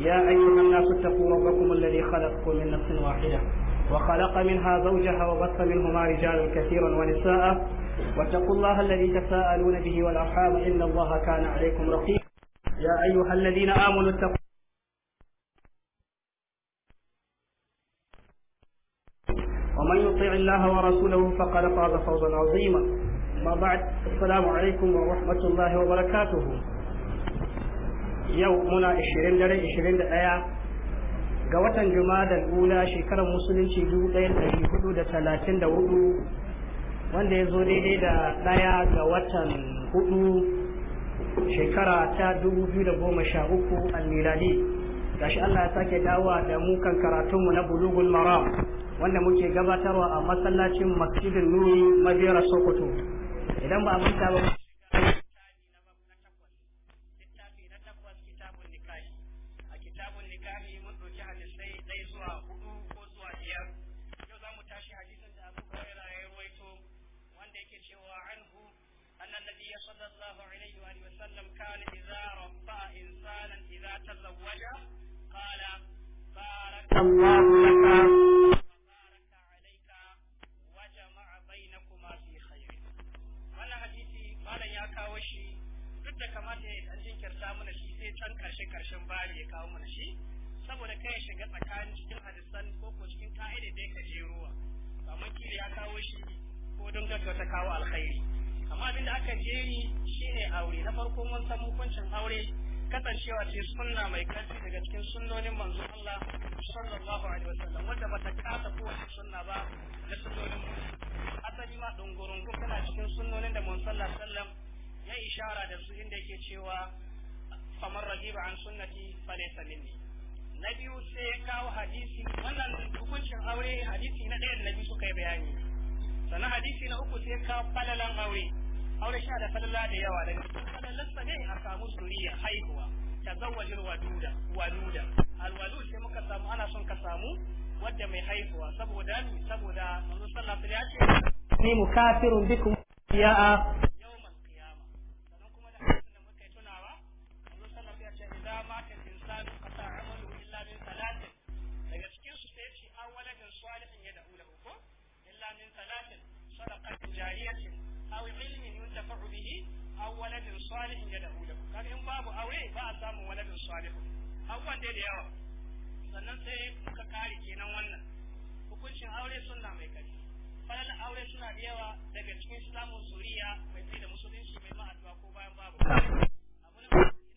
يا أيها الناس اتقوا ربكم الذي خلقكم من نفس واحدة وخلق منها زوجها وبث منهما رجالا كثيرا ونساء واتقوا الله الذي تساءلون به والأرحام إن الله كان عليكم رقيبا يا أيها الذين آمنوا اتقوا ومن يطيع الله ورسوله فقد فاز فوزا عظيما ما بعد السلام عليكم ورحمة الله وبركاته yau muna 20 dare 21 ga watan da ula shekarar musulunci 1434 wanda ya zo daidai da daya ga watan hudu shekara ta 2013 almiradi gashi Allah ya sake dawa da mu kan karatunmu na bulugul maram wanda muke gabatarwa a masallacin masjidin nuri madera sokoto idan ba a manta ba littafi mun ɗauki hadisai ɗaya zuwa hudu ko zuwa biyar yau za mu tashi hadisin da abu huraira ya rawaito wanda yake cewa anhu anna nabi صلى الله عليه وآله وسلم كان إذا رفع إنسانا إذا تزوج قال بارك الله kawo shi duk da kamata ya ɗan jinkirta mana shi sai can karshe karshen bari ya kawo mana shi saboda kai shiga tsakanin cikin hadisan ko ko cikin ka'ida da ka jeruwa amma kiri ya kawo shi ko don gaggauta ta kawo alkhairi amma abin da aka je jeri shine aure na farko mun san hukuncin aure kasancewa ce sunna mai karfi daga cikin sunnonin manzo Allah sallallahu alaihi wasallam wanda bata kasa kowace sunna ba na sunnonin asali ma dungurungu kana cikin sunnonin da manzo sallallahu alaihi wasallam ya ishara da su inda yake cewa famar rajiba an sunnati falaysa minni na biyu sai ya kawo hadisi wannan hukuncin aure hadisi na ɗaya da na biyu suka yi bayani sannan hadisi na uku sai ya kawo falalan aure aure sha da falala da yawa daga falalansa ne a samu suriya haihuwa tazawwajil waduda waluda alwalud sai muka samu ana son ka samu wadda mai haihuwa saboda saboda manzon sallallahu alaihi wasallam ya ce ni mukafirun bikum ya'a صدقة جارية أو علم ينتفع به أو ولد صالح يدعو له كان إن باب أولي ba a samun waladin salihu abubuwan dai da yawa sannan sai kuka kare kenan wannan hukuncin aure suna mai kari falal aure suna da yawa daga cikin islamun zuriya mai fi da musulunci mai ma'addu'a ko bayan babu abu na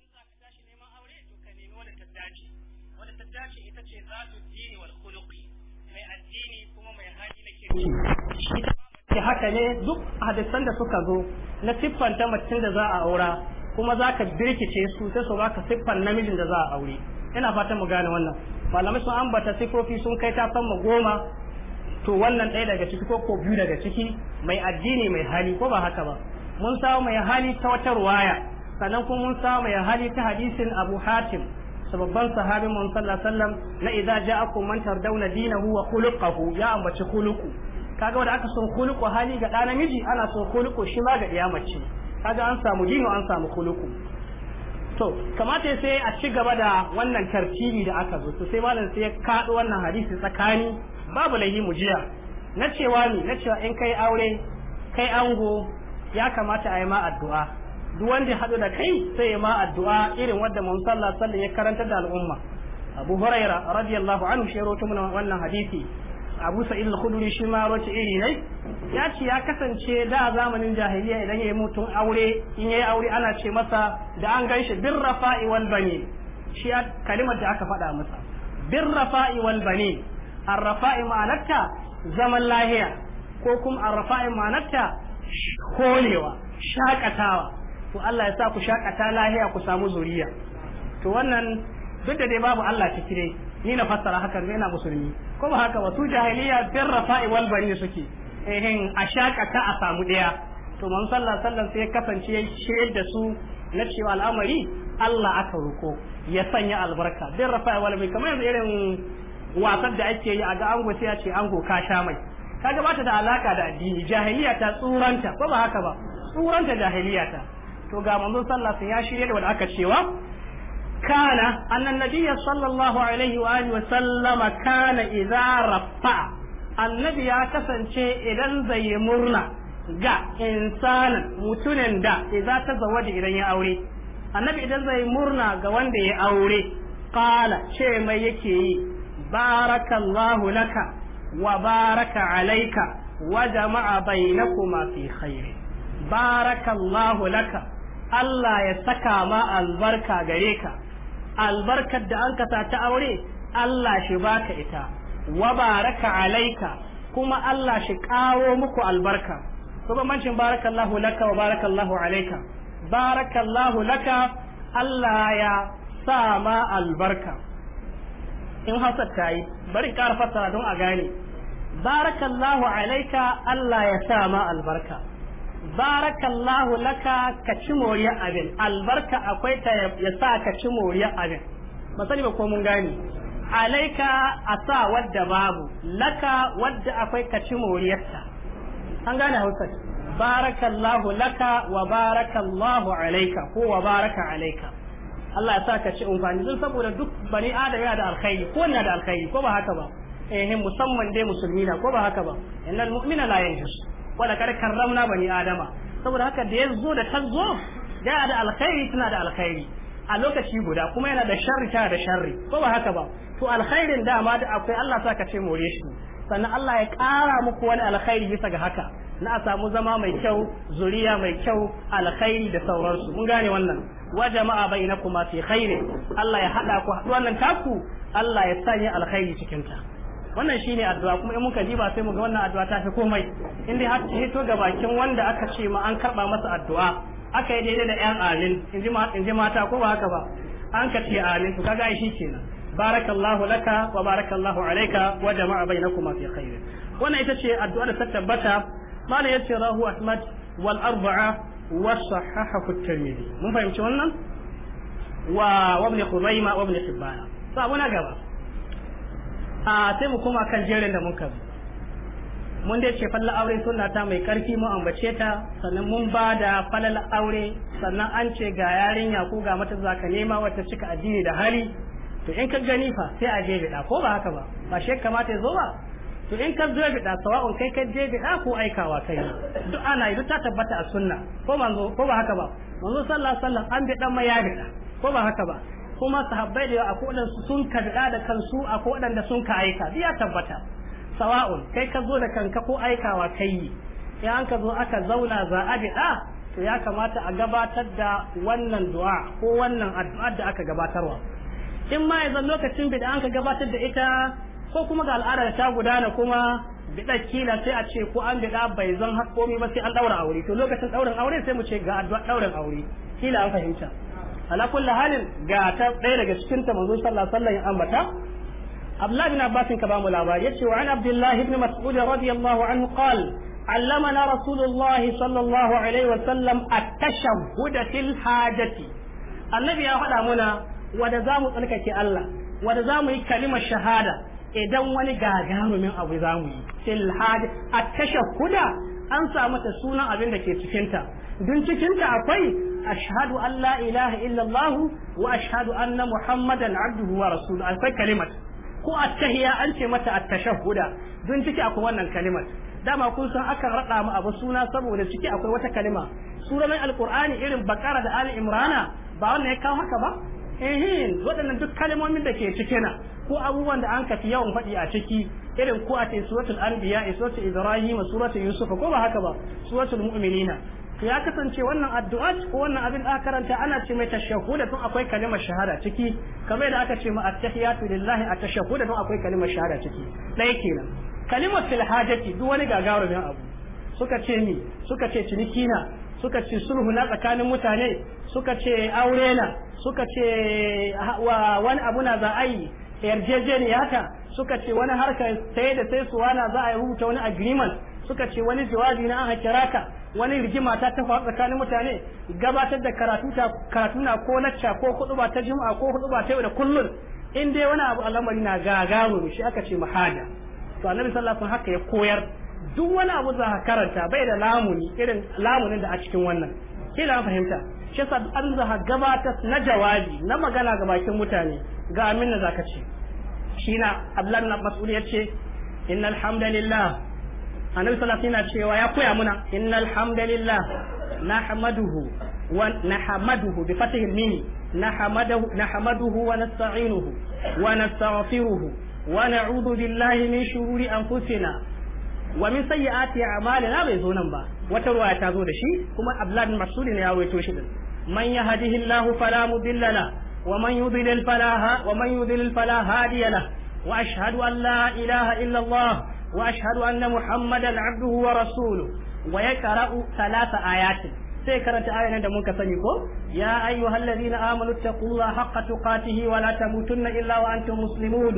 in za ka tashi neman aure to ka nemi wanda ta dace wanda ta dace ita ce zatu dini wal khuluqi mai addini kuma mai hali na kirki ki haka ne duk hadisan da suka zo na siffan ta macin da za a aura kuma za ka birkice su sai su baka siffan namijin da za a aure ina fatan mu gane wannan malamai sun ambata sifofi sun kai ta mu goma to wannan ɗaya daga ciki ko ko biyu daga ciki mai addini mai hali ko ba haka ba mun samu mai hali ta wata ruwaya sannan kuma mun samu mai hali ta hadisin abu hatim babban sahabin mun sallallahu alaihi wasallam na idza ja'akum man tardawna dinahu wa khuluquhu ya ambaci khuluqu kaga wanda aka son kuluku hali ga ɗa miji ana son kuluku shi ma ga ɗiya mace kaga an samu dino an samu kuluku to kamata sai a ci gaba da wannan tartibi da aka zo sai malam sai ya kaɗo wannan hadisi tsakani babu lahi jiya na cewa ni na cewa in kai aure kai ango ya kamata a yi ma addu'a duk wanda ya haɗu da kai sai ya ma addu'a irin wadda mun ya karanta da al'umma abu huraira radiyallahu anhu shi rawaito wannan hadisi abu sa'id al-khudri shi ma roce iri ne ya ce ya kasance da zamanin jahiliya idan ya yi mutum aure in ya yi aure ana ce masa da an ganshi bir rafa'i wal bani shi kalimar da aka faɗa masa bir rafa'i wal bani ar-rafa'i ma'anarta zaman lahiya ko kuma ar-rafa'i ma'anarta kolewa shakatawa to Allah ya sa ku shakata lahiya ku samu zuriya to wannan duk da dai babu Allah ciki dai ni na fassara hakan na musulmi ko ba haka ba su jahiliya bin rafa'i wal bari suke ehin a shakata a samu ɗaya. to man sallah sallan sai kasance ya da su na cewa al'amari Allah aka roko ya sanya albarka bin rafa'i wal bari kamar yanzu irin wasan da ake yi a ga ango sai ya ce ango ka sha mai kaga ba da alaka da addini jahiliya ta tsuranta ko ba haka ba tsuranta jahiliya ta to ga manzon sallah sai ya shirye da wanda aka cewa كان أن النبي صلى الله عليه وآله وسلم كان إذا رفع النبي أكسن شيء إذا زي مرنا جاء إنسانا متنن دا إذا تزوج إذا يأوري النبي إذا زي مرنا جوان دي يأوري قال شيء ما يكي بارك الله لك وبارك عليك وجمع بينكما في خير بارك الله لك Allah ya saka ma albarka gare ka albarkar da an kasa ta aure Allah shi baka ita wa baraka alaika kuma Allah shi kawo muku albarka to bambancin barakallahu laka wa barakallahu alaika barakallahu laka Allah ya sa ma albarka in hausa ta yi bari ƙara fassara don a gane barakallahu alaika Allah ya sa ma albarka barakallahu laka ka ci moriyar abin albarka akwai ta ya sa ka ci moriyar abin ba ba ko mun gani alaika a sa wadda babu laka wadda akwai ka ci moriyarta an gane hausa barakallahu laka wa barakallahu alaika ko wa baraka alaika Allah ya sa ka ci umfani don saboda duk bani adam yana da alkhairi ko na da alkhairi ko ba haka ba eh musamman dai musulmi ko ba haka ba innal mu'mina la yanjus wala kar karramna bani adama saboda haka da yazo da tazo da da alkhairi tana da alkhairi a lokaci guda kuma yana da sharri tana da sharri ko ba haka ba to alkhairin dama da akwai Allah sa ka ce more shi sannan Allah ya ƙara muku wani alkhairi bisa ga haka na a samu zama mai kyau zuriya mai kyau alkhairi da sauransu mun gane wannan wa jama'a bainakuma fi khairin Allah ya hada ku haɗu wannan taku Allah ya sanya alkhairi cikin ta wannan shine addu'a kuma in muka ji ba sai mu ga wannan addu'a ta fi komai in dai har hito ga bakin wanda aka ce ma an karba masa addu'a aka yi daidai da yan alin in ji mata ko ba haka ba an ka ce amin to kaga shi kenan barakallahu laka wa barakallahu alayka wa jama'a bainakuma fi khair wannan ita ce addu'a da ta tabbata malam yace rahu ahmad wal arba'a wa sahahahu at-tirmidhi mun fahimci wannan wa wa ibn khuzaimah wa ibn hibban sabu na gaba a sai mu koma kan jerin da muka bi mun dai ce falal aure sunna ta mai karfi mu ambace ta sannan mun ba da falal aure sannan an ce ga yarinya ko ga mata za ka nema wata cika addini da hali to in ka gani fa sai a je bida ko ba haka ba ba shi kamata ya zo ba to in ka zo bida sawa'un kai ka je bida ko aikawa kai duk ana yi duk ta tabbata a sunna ko manzo ko ba haka ba manzo sallallahu alaihi wasallam an bi dan mai ya ko ba haka ba kuma sahabbai da akwai wadansu sun karɗa da kansu akwai waɗanda sun ka aika biya tabbata sawa'un kai ka zo da kanka ko aikawa kai yi in ka zo aka zauna za a biɗa to ya kamata a gabatar da wannan du'a ko wannan addu'a da aka gabatarwa in ma yanzu lokacin bid'a an ka gabatar da ita ko kuma ga al'adar ta gudana kuma bid'a kila sai a ce ko an bid'a bai zan hakomi ba sai an daura aure to lokacin daurin aure sai mu ce ga addu'a daurin aure kila an fahimta ala kulli halin ga ta ɗaya daga cikin ta manzo sallallahu alaihi wasallam ya ambata Abdullah bin Abbas ka ba mu labari yace wa an Abdullah ibn Mas'ud radiyallahu anhu qala علمنا رسول الله صلى الله عليه وسلم Annabi ya faɗa النبي يا هذا منا tsarkake Allah, تلكك الله ودا yi kalimar shahada, idan wani gagarumin abu za mu yi filhadi a tashahuda an samu ta sunan abin da ke cikinta don cikinta akwai ashhadu an la ilaha illallah wa ashhadu anna muhammadan abduhu wa rasuluhu akwai kalimat ko attahiya an ce mata attashahhuda don ciki akwai wannan kalimat dama kun san akan rada mu abu suna saboda ciki akwai wata kalima sunan alqur'ani irin bakara da ali imrana ba wannan ya kawo haka ba ehin waɗannan duk kalmomin da ke cikina ko abubuwan da an kafi yawan faɗi a ciki irin ko a suratul anbiya suratul ibrahim suratul yusuf ko ba haka ba suratul mu'minina ya kasance wannan addu'a ko wannan abin da karanta ana ce mai tashahhuda tun akwai kalimar shahada ciki kamar da aka ce ma at-tahiyatu lillahi at-tashahhuda tun akwai kalimar shahada ciki dai kenan kalimar fil hajati duk wani gagarumin abu suka ce ni suka ce ciniki na suka ce sulhu na tsakanin mutane suka ce aure na suka ce wani abu na za a yi yarjejeniya suka ce wani harka sai da sai wana za a yi rubuta wani agreement suka ce wani jawabi na an kira ka wani rigima ta tafa tsakanin mutane gabatar da karatu ta karatu na ko lacca ko ba ta juma'a ko ba ta yau da kullun in dai wani abu al'amari na gagaru shi aka ce mahaja to annabi sallallahu alaihi haka ya koyar duk wani abu za ka karanta bai da lamuni irin lamunin da a cikin wannan da fahimta shi yasa an za gabatar na jawabi na magana ga bakin mutane ga amin za zaka ce shina ablan na mas'ul yace innal hamdalillah annabi sallallahu alaihi cewa ya koya muna innal hamdalillah nahmaduhu wa nahmaduhu bi fathil mim nahmaduhu nahmaduhu wa nasta'inuhu wa nastaghfiruhu wa na'udhu billahi min shururi anfusina wa min sayyiati a'malina bai zo nan ba wata ruwa ta zo da shi kuma ablan mas'ud ne ya rawaito shi din man yahdihillahu fala mudilla ومن يضلل فلا ومن يضلل فلا هادي له وأشهد أن لا إله إلا الله وأشهد أن محمدا عبده ورسوله ويقرأ ثلاث آيات sai karanta ayan da muka sani ko ya ayyuhal ladina amanu taqullaha haqqa tuqatihi wa la tamutunna illa wa antum muslimun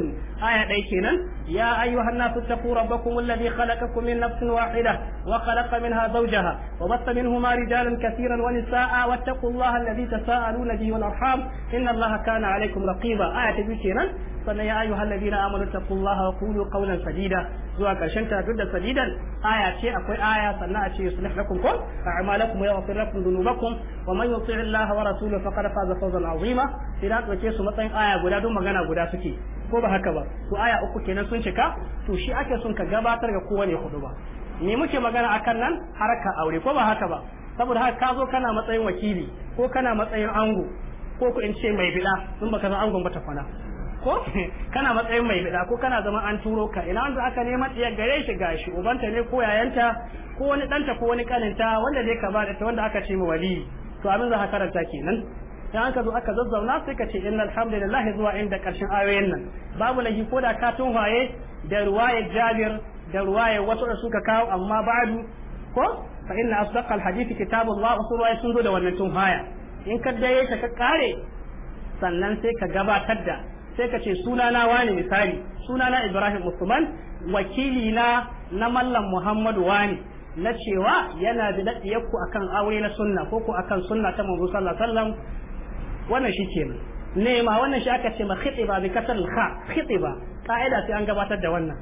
aya dai kenan ya ayyuhan nasu taqu rabbakum alladhi khalaqakum min nafsin wahida wa khalaqa minha zawjaha wa batta minhuma rijalan katiran wa nisaa wattaqullaha alladhi tasaaluna bihi wal arham inna allaha kana alaykum raqiba aya ta kenan sannan ya ayyuhal ladina amanu taqullaha wa qulu qawlan sadida zuwa karshen ta duk da sadidan aya ce akwai aya sannan a ce yuslih lakum kun a'malakum wa yaghfir lakum dhunubakum wa man yuti' Allah wa rasulahu faqad faza fawzan 'azima idan ka su matsayin aya guda don magana guda suke ko ba haka ba to aya uku kenan sun cika to shi ake sun ka gabatar ga kowane hudu ba me muke magana akan nan harka aure ko ba haka ba saboda haka ka zo kana matsayin wakili ko kana matsayin ango ko ku in ce mai bila sun baka san angon ba ta kwana ko kana matsayin mai bida ko kana zama an turo ka ina wanda aka nema tsiyar gare shi gashi ubanta ne ko yayanta ko wani danta ko wani kaninta wanda zai ka bada ta wanda aka ce mu wali to abin za ka karanta kenan dan an zo aka zazzauna sai ka ce innal hamdulillah zuwa inda karshen ayoyin nan babu lahi ko da ka tunhaye da ruwaye Jabir da ruwaye wasu da suka kawo amma ba'du ko fa inna asdaqal hadithi kitabullah usul wa sun zo da wannan tunhaya in ka dai ka kare sannan sai ka gabatar da sai ka ce sunana wani misali sunana Ibrahim Usman wakili na na mallam Muhammadu wani na cewa yana da dadiyarku akan aure na sunna ko ko akan sunna ta manzo sallallahu alaihi wasallam wannan shi kenan nema wannan shi aka ce ma khitiba bi kasar kha khitiba ka'ida sai an gabatar da wannan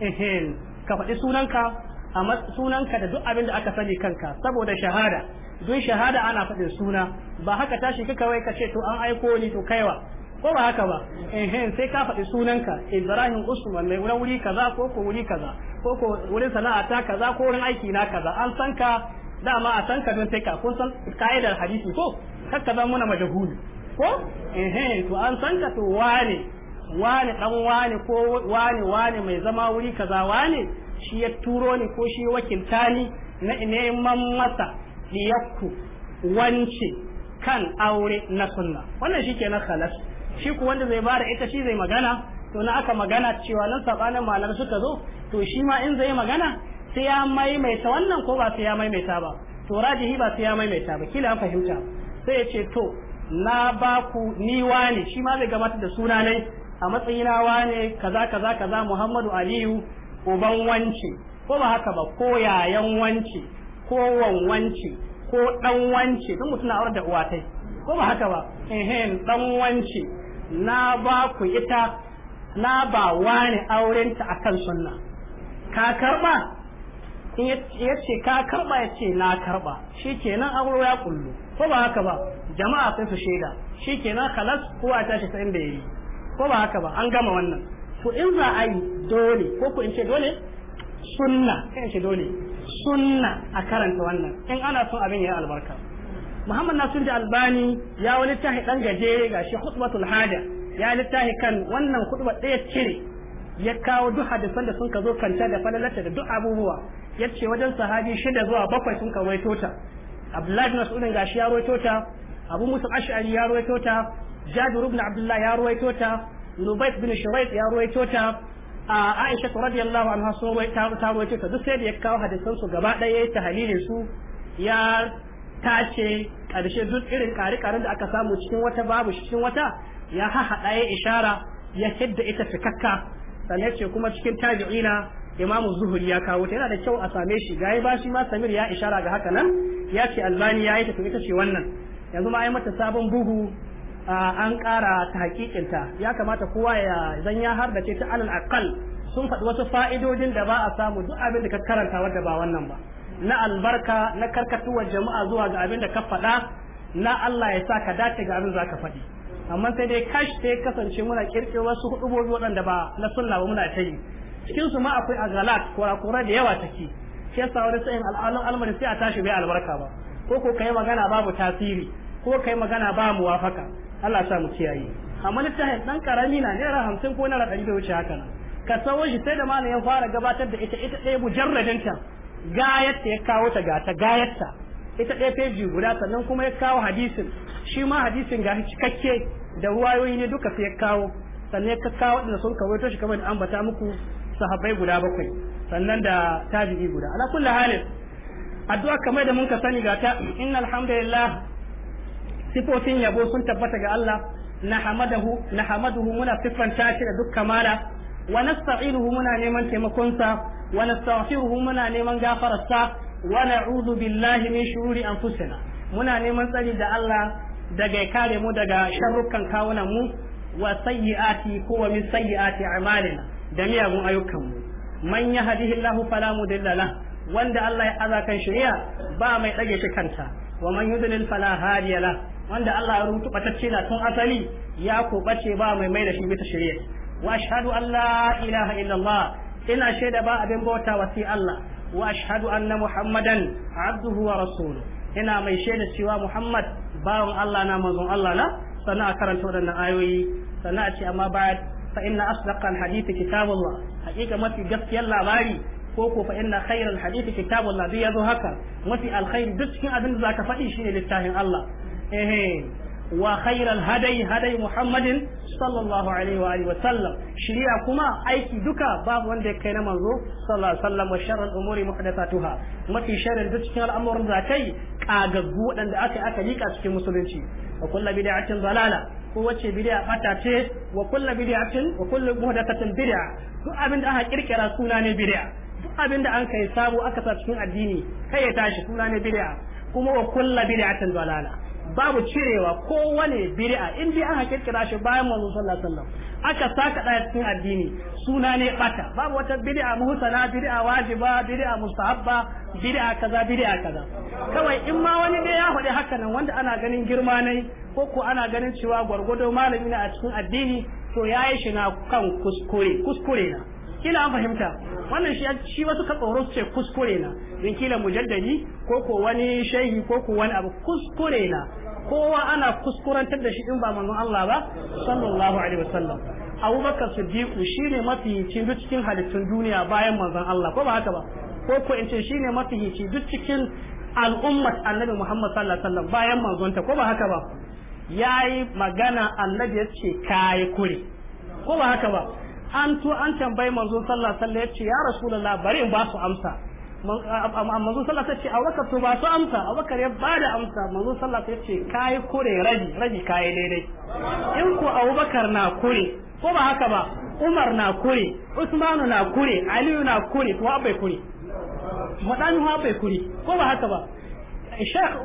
ehem ka faɗi sunanka sunanka da duk abin da aka sani kanka saboda shahada duk shahada ana faɗin suna ba haka tashi ka kawai ka ce to an aiko ni to kaiwa ko ba haka ba eh sai ka faɗi sunanka Ibrahim Usman mai wuri kaza ko ko wuri kaza ko ko wurin sana'a ta kaza ko wurin aiki na kaza an san ka dama a san ka don sai ka kun san ka'idar hadisi ko kakka zan muna majahuli ko eh to an san ka to wane wane dan wane ko wane wane mai zama wuri kaza wane shi ya turo ni ko shi wakilta ni na neman masa diyakku wance kan aure na sunna wannan shi kenan khalas shi ku wanda zai bada ita shi zai magana to na aka magana cewa nan sabanin malamai suka zo to shi ma in zai magana sai ya maimaita wannan ko ba sai ya maimaita ba to rajihi ba sai ya maimaita ba kila an fahimta sai ya ce to na ba ku ni wani shi ma zai gabatar da suna ne a matsayina wani kaza kaza kaza Muhammadu Aliyu uban wance ko ba haka ba ko yayan wance ko wan wance ko dan wance don mutuna aure da uwatai ko ba haka ba ehem dan wance na ba ku ita na ba wani aurenta akan sunna ka karba ya ce ka karba ya ce na karba shikenan aure ya kullu ko ba haka ba jama'a sai su shaida shikenan khalas kowa ta shi san da yi ko ba haka ba an gama wannan to in za a yi dole ko ku in ce dole sunna kai in ce dole sunna a karanta wannan in ana son abin ya albarka muhammad nasir da albani ya wani tahi dan gajere ga shi khutbatul hada ya littafi kan wannan khutba ɗaya cire ya kawo duk hadisan da sun ka zo kanta da falalata da duk abubuwa ya ce wajen sahabi shida zuwa bakwai sun ka waito ta abdullahi bin mas'udin gashi ya rawaito ta abu musa ash'ari ya rawaito ta jabir ibn ya rawaito ta bin shurayt ya rawaito aisha radiyallahu anha ta rawaito duk sai da ya kawo hadisan su gaba ɗaya ya yi su ya Ta ce ƙarshe duk irin ƙari-ƙarin da aka samu cikin wata babu cikin wata ya haɗa ya ishara ya hidda ita cikakka sannan ce kuma cikin tabi'ina imamu zuhuri ya kawo ta yana da kyau a same shi ga ya bashi ma samir ya ishara ga haka nan ya ce albani ya yi ta ita ce wannan yanzu ma ai mata sabon buhu an ƙara ta hakikinta ya kamata kowa ya zan ya har da ce ta alal aqal sun faɗi wasu fa'idodin da ba a samu duk abin da ka karanta wanda ba wannan ba na albarka na karkatuwar jama'a zuwa ga abin da ka faɗa na Allah ya sa ka dace ga abin za ka faɗi amma sai dai kash sai kasance muna kirkiro wasu hudubobi waɗanda ba na sunna ba muna ta yi cikin su ma akwai agalat kurakura da yawa take Ke sa wani sa'in al'alun almari sai a tashi bai albarka ba ko ko kai magana babu tasiri ko kai magana ba wafaka? Allah sa mu kiyaye amma littafin dan karami na naira hamsin ko naira ɗari bai wuce haka nan ka sawo sai da malamin ya fara gabatar da ita ita ɗaya mujarradinta gayatta ya kawo ta gata gayatta ita ɗaya feji guda sannan kuma ya kawo hadisin shi ma hadisin ga cikakke da ruwayoyi ne duka sai ya kawo sannan ya kawo waɗanda sun kawo shi kamar da bata muku sahabai guda bakwai sannan da tabi'i guda ala kulli halin addu'a kamar da mun ka sani ga ta innal hamdalillah sifofin yabo sun tabbata ga Allah na hamadahu na muna siffanta shi da duk kamala wa nasta'inuhu muna neman taimakon sa wa nastaghfiruhu muna neman gafarar sa wa na'udhu billahi min shururi anfusina muna neman tsari da Allah daga kare mu daga sharrukan kawunan mu wa sayyiati ko wa min sayyiati a'malina da miyagun ayyukan mu man yahdihillahu fala mudilla la wanda Allah ya aza kan shari'a ba mai tsage shi kanta wa man yudlil fala hadiya la wanda Allah ya rubuta batacce na tun asali ya ko bace ba mai mai da shi bisa shari'a wa ashhadu an la illallah ina shaida ba abin bauta wa sai Allah wa ashhadu anna muhammadan wa ina mai shaida cewa muhammad bawan Allah na manzon Allah na sannan a karanta waɗannan ayoyi sannan a ce amma baya fa inna asdaqal hadithi kitabullah haƙiƙa mafi gaskiyar labari ko ko fa inna khairal hadithi kitabullah bi yazo haka mafi alkhairi duk cikin abin da zaka faɗi shine littafin Allah eh وخير الهدي هدي محمد صلى الله عليه وآله وسلم شريعة كما أيكي دكا باب وندي كينا منظو صلى الله عليه وسلم وشر الأمور محدثاتها ما في شر الدكتين الأمور ذاتي كاغبو أن أكي أكي ليك أسكي مسلمتي وكل بدعة ضلالة kowace bid'a bata ce wa kullu bid'atin wa kullu muhdathatin bid'a duk abin da aka kirkira suna ne bid'a duk abin da an kai sabo aka sa cikin addini kai ya tashi suna ne kuma wa kullu bid'atin babu cirewa kowane biri'a in bi an kirkira shi bayan manzo sallallahu alaihi wasallam aka saka daya cikin addini suna ne bata babu wata bid'a muhsana biri'a wajiba biri'a mustahabba biri'a kaza biri'a kaza kawai in ma wani da ya faɗi haka nan wanda ana ganin girma ne ko ko ana ganin cewa gwargwado malami na a cikin addini to yayi shi na kan kuskure kuskure na kila an fahimta wannan shi shi wasu ka tsoro su ce kuskure na don kila mujaddadi ko ko wani shehi ko ko wani abu kuskure na kowa ana kuskurantar da shi in ba manzon Allah ba sallallahu alaihi wasallam Abubakar Siddiq shine mafi cin duk cikin halittun duniya bayan manzon Allah ko ba haka ba ko ko in ce shine mafi duk cikin al'ummat Annabi Muhammad sallallahu alaihi wasallam bayan manzonta ko ba haka ba yayi magana Annabi ya ce kai kuri, ko ba haka ba an to an tambayi manzon sallallahu alaihi wasallam ya ce ya rasulullah bari in ba su amsa manzo sallah ta ce abubakar to ba su amsa abubakar ya ba da amsa manzo sallah ta ce kai kure rabi rabi kai daidai in ko abubakar na kure ko ba haka ba umar na kure usmanu na kure aliyu na kure ko abai kure madani ha bai kure ko ba haka ba shaikh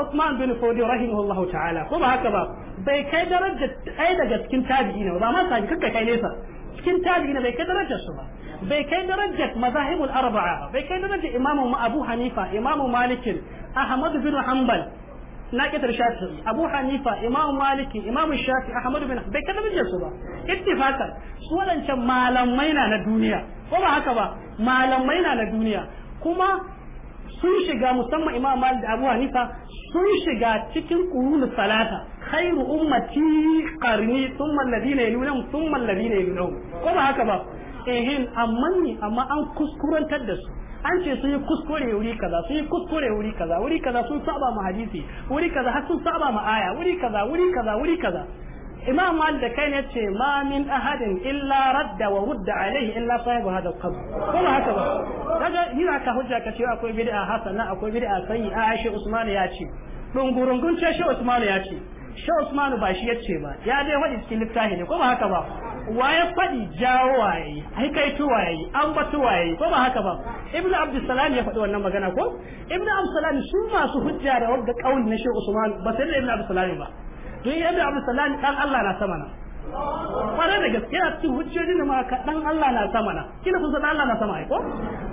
usman bin Fodi rahimahullahu ta'ala ko ba haka ba bai kai darajar ɗaya daga cikin tabi'ina ba ma sai kakka kai nesa cikin tabi'ina bai kai darajar su ba bai kai darajar mazahibul arba'a bai kai darajar imamu abu hanifa imamu malikin ahmad bin hanbal na kitar shafi abu hanifa imamu maliki imamu shafi ahmad bin bai kai darajar su ba ittifaqan su wadancan malamai na na duniya ko ba haka ba malamai na na duniya kuma sun shiga musamman imam malik da abu hanifa sun shiga cikin kurulu salata khairu ummati qarni thumma alladhina yalunhum thumma alladhina yalunhum ko ba haka ba amma an kuskurantar da su an ce sun yi kuskure wuri kaza sun yi kuskure wuri kaza kaza sun saba ma hadisi kaza har sun saba ma aya kaza wuri kaza wuri kaza da kai ne ce ma min ahadin illa radda wa wudda alaihi illa sahibu hada alqabr ko ba haka ba kaga ni aka hujja ka akwai usman ya shi usman ya ce shi Usmanu ba shi yace ba ya dai faɗi cikin littafi ne ko ba haka ba waye faɗi jawo waye tu waye ambatu waye ko ba haka ba Ibn Abdussalam ya faɗi wannan magana ko Ibn Abdussalam su masu hujja da wanda kauli na Sheikh Usman ba sai da Ibn Abdussalam ba don Ibn Abdussalam dan Allah na sama na kwarai da gaske yana cikin hujjoji da maka dan Allah na sama na kina kun san Allah na sama ai ko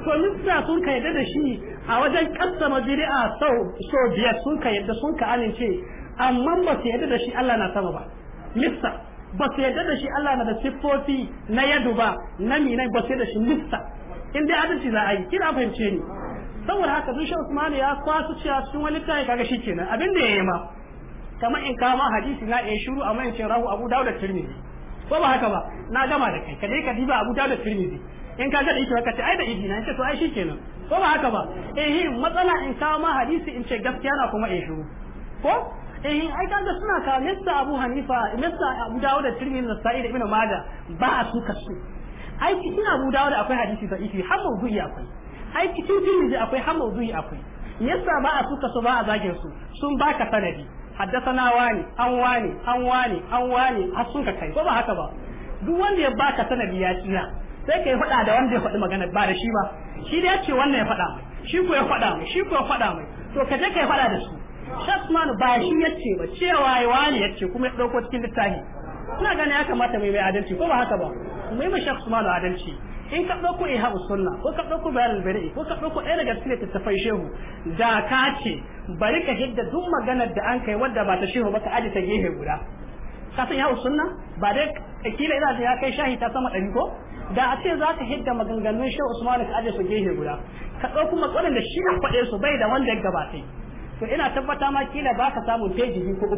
to minista sun ka yadda da shi a wajen kasama bid'a sau so biyar sun ka yadda sun ka amince amma ba su yadda da shi Allah na sama ba lissa ba su yadda da shi Allah na da siffofi na yadu ba na minai ba su yadda shi lissa in dai adalci za a yi kina fahimce ni saboda haka zuci Usman ya kwasu cewa cikin wani littafi kaga shikenan abin da yayi ma kamar in kama hadisi na in shiru amma in ce rahu Abu Dawud da Tirmidhi ko ba haka ba na gama da kai ka dai ka diba Abu Dawud da Tirmidhi in ka ga da ita ka ce ai da ibi na ce to ai shikenan ko ba haka ba eh matsala in kama hadisi in ce gaskiya na kuma in shiru ko eh ai ga suna ka lissa Abu Hanifa lissa Abu Dawud da Tirmidhi da Sa'id da Ibn Majah ba a suka su ai cikin Abu Dawud akwai hadisi da ifi har mawdu'i akwai ai cikin Tirmidhi akwai har mawdu'i akwai yasa ba a suka su ba a zagin su sun baka sanadi haddathana wani an wani an wani an wani har sun ka kai ko ba haka ba duk wanda ya baka sanadi ya tsira sai kai faɗa da wanda ya faɗi magana ba da shi ba shi da ya ce wannan ya faɗa mai shi ko ya faɗa mai shi ko ya faɗa mai to ka je kai faɗa da su Shatman ba shi yace ba cewa ya wani yace kuma ya dauko cikin littafi ina gani ya kamata mai mai adalci ko ba haka ba mai mai ma adalci in ka dauko ihab sunna ko ka dauko bayan albari ko ka dauko ɗaya daga cikin tafai shehu da ka ce bari ka hidda duk maganar da an kai wadda ba ta shehu ba ka aje ta gefe guda ka san ihab sunna ba dai kila ina da ya kai shahi ta sama ɗari ko da a ce za ka hidda maganganun shehu Usman ka aje su gefe guda ka dauko matsalar da shi a faɗe su bai da wanda ya gabata. to ina tabbata ma kila ba ka samu peji biyu ko uku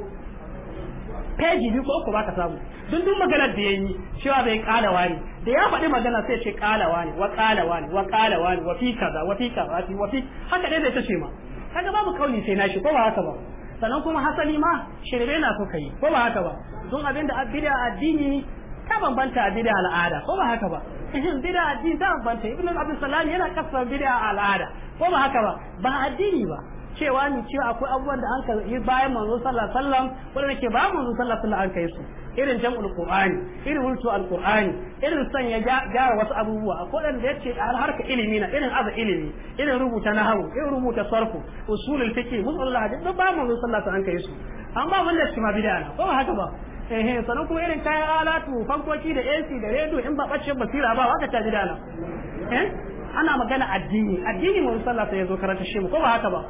peji biyu ko uku ba ka samu duk duk maganar da yayi cewa bai kala wani da ya faɗi magana sai ce kala wani wa kala wani wa kala wani wa fi kaza wa fi kaza wa fi haka dai zai tace ma kaga babu kauli sai nashi ko ba haka ba sannan kuma hasali ma shirbe na so kai ko ba haka ba don abin da bid'a addini ta bambanta bid'a al'ada ko ba haka ba shin bid'a addini ta bambanta ibnu abdul salam yana kasar bid'a al'ada ko ba haka ba ba addini ba cewa ni cewa akwai abubuwan da an ka yi bayan manzo sallallahu alaihi wasallam wanda ke ba manzo sallallahu alaihi wasallam an kai su irin jam'ul qur'ani irin wultu alqur'ani irin sanya gyara wasu abubuwa akwai wanda yace har harka ilimi na irin aza ilimi irin rubuta nahwu irin rubuta sarfu usulul fiqh musallallahu alaihi wasallam ba manzo sallallahu an kai su amma wanda shi ma bid'a ko ba haka ba eh sanan kuma irin kayan alatu fankoki da AC da radio in ba bacci basira ba waka ta bid'a eh ana magana addini addini mu sallah sai yazo karanta shemu ko ba haka ba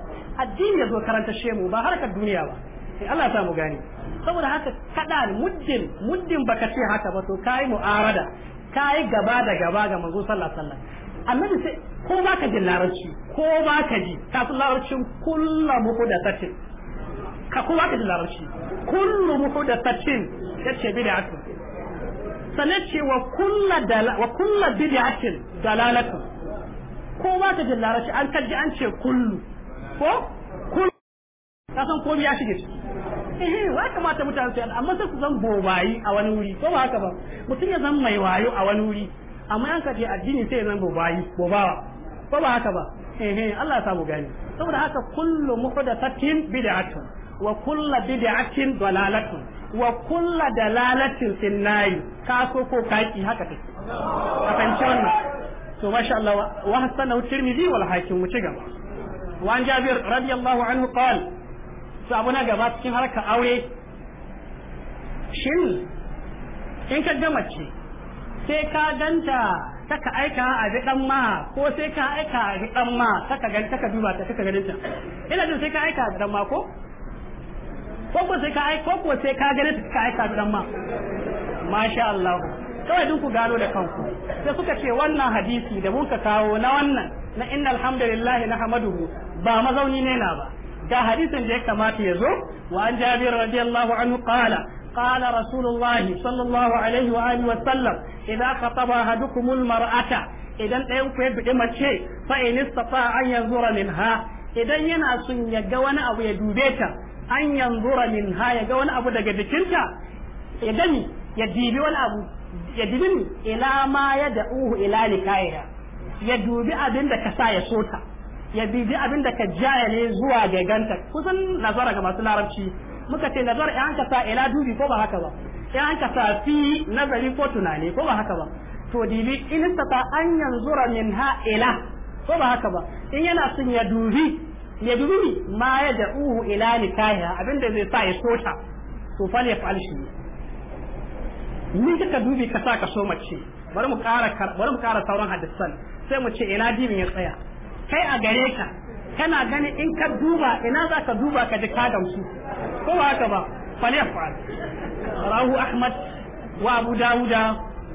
addini yazo karanta shemu ba harkar duniya ba sai Allah ya mu gani saboda haka kada muddin muddin baka ce haka ba to kai mu'arada kai gaba da gaba ga manzo sallallahu alaihi wasallam annabi sai ko ba ka ji larabci ko ba ka ji ka san larabci kullu muhdathatin ka ko ba ka ji larabci kullu muhdathatin yace bid'atu sannan ce wa kullu wa kullu bid'atin dalalatu ko ba ta jin larabci an kaji an ce kullu ko kullu ka san komai ya shige ciki eh wa kamata mutane su amma sai su zan bobayi a wani wuri ko ba haka ba mutum ya zan mai wayo a wani wuri amma an kaje addini sai ya zan bobayi bobawa ko ba haka ba eh Allah ya samu gani saboda haka kullu muhdathatin bid'atun wa kullu bid'atin dalalatun wa kullu dalalatin sinnai ka so ko kaki haka take a fahimci wannan to masha Allah wa hasanahu tirmidhi wal hakim mu ci gaba wa an jabir radiyallahu anhu qal to abu na gaba cikin harkar aure shin in ka gama ce sai ka danta taka aika a bi dan ma ko sai ka aika a bi dan ma taka ga taka duba ta taka ganin ta ina jin sai ka aika a dan ma ko ko ko sai ka aika ko ko sai ka ganin ta taka aika a bi dan ma masha Allah kawai duk ku gano da kanku sai suka ce wannan hadisi da muka kawo na wannan na inna alhamdulillahi na hamaduhu ba mazauni ne na ba ga hadisin da ya kamata ya zo wa an jabir radiyallahu anhu qala قال رسول الله صلى الله عليه وآله وسلم إذا خطب أحدكم المرأة idan ɗayan ku ya biɗi mace fa in istata an yanzura minha idan yana son ya ga wani abu ya dube ta an yanzura minha ya ga wani abu daga jikinta idan ya dibi wani abu ya dibin ila ma ya da'uhu ila nikaya ya dubi abin da ka sa ya sota ya bibi abin da ka jaya ne zuwa ga ganta kusan nazara ga masu larabci muka ce nazara ya ka sa ila dubi ko ba haka ba ya ka sa fi nazari ko tunani ko ba haka ba to dibi in istata an yanzura min ha ila ko ba haka ba in yana son ya dubi ya dubi ma ya da'uhu ila nikaya abin da zai sa ya sota to fa ne fa alshi ni kaka dubi ka sa ka so mace bari mu ƙara bari mu sauran hadisan sai mu ce ina dibin ya tsaya kai a gare ka kana gani in ka duba ina za ka duba ka ji ka gamsu ko ba haka ba falyafal rahu ahmad wa abu dawuda